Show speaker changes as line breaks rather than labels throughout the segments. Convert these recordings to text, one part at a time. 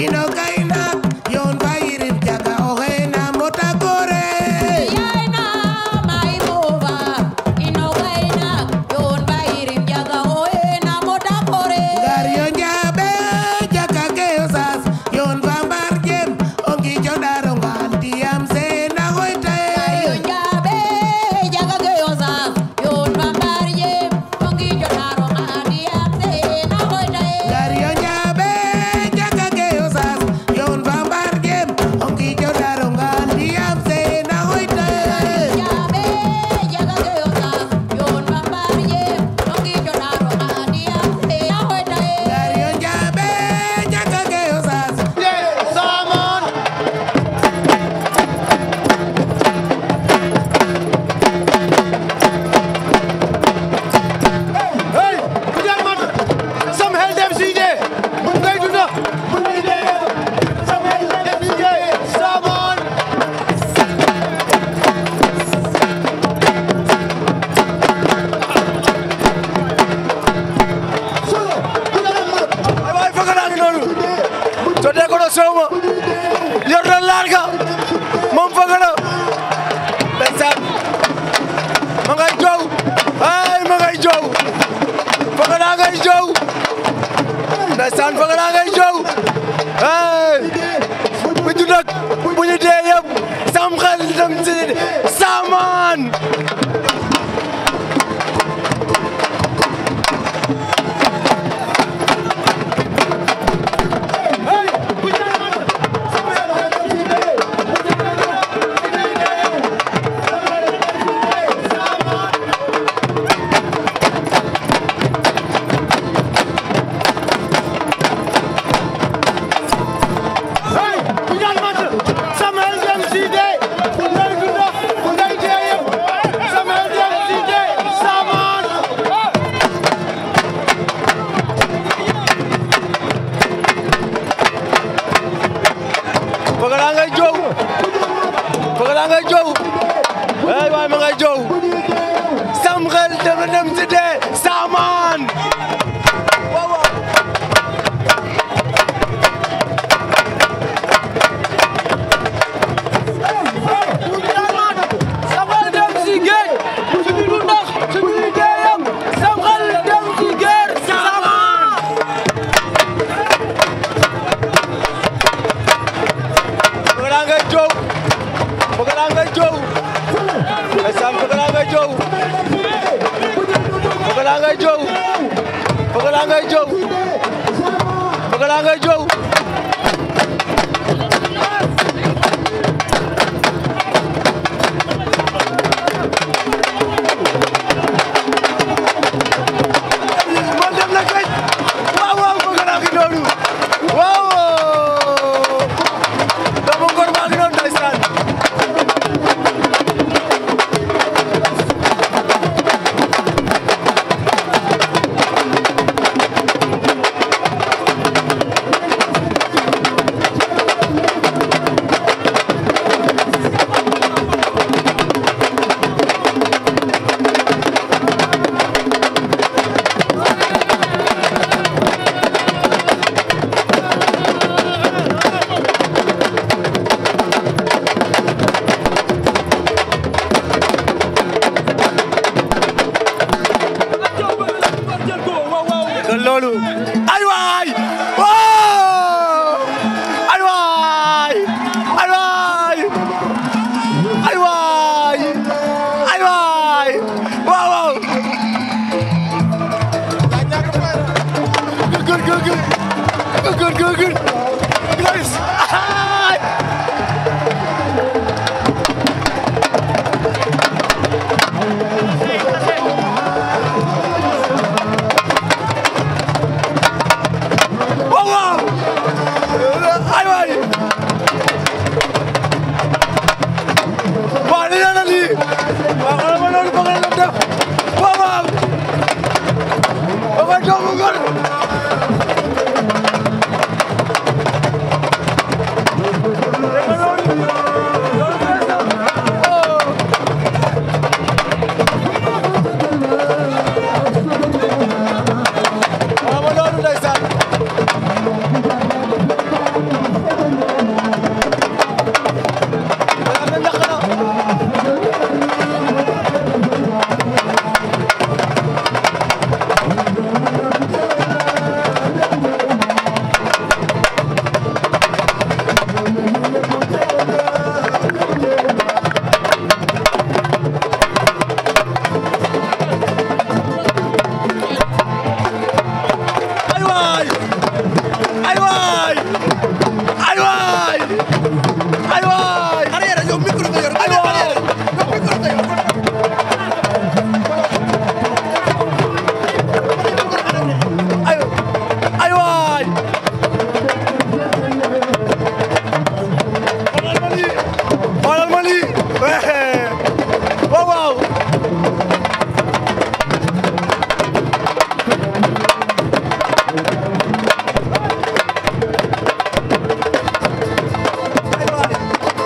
y no caí
ndeysaan fa nga naa ngay jow bu ñu dëkk bu ñu dee yëpp sam xel dem si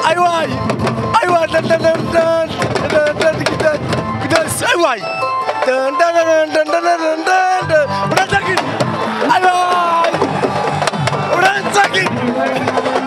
ay waay ay waay da da da da da ay waay da da da da da da da Bırak sakin. Ay waay. Bırak sakin.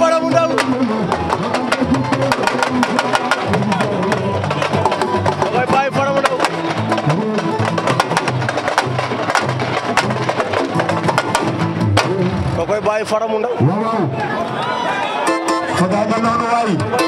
Fara bu ndaw dangay bàyyi Fara bu ndaw dangay bàyyi Fara bu ndaw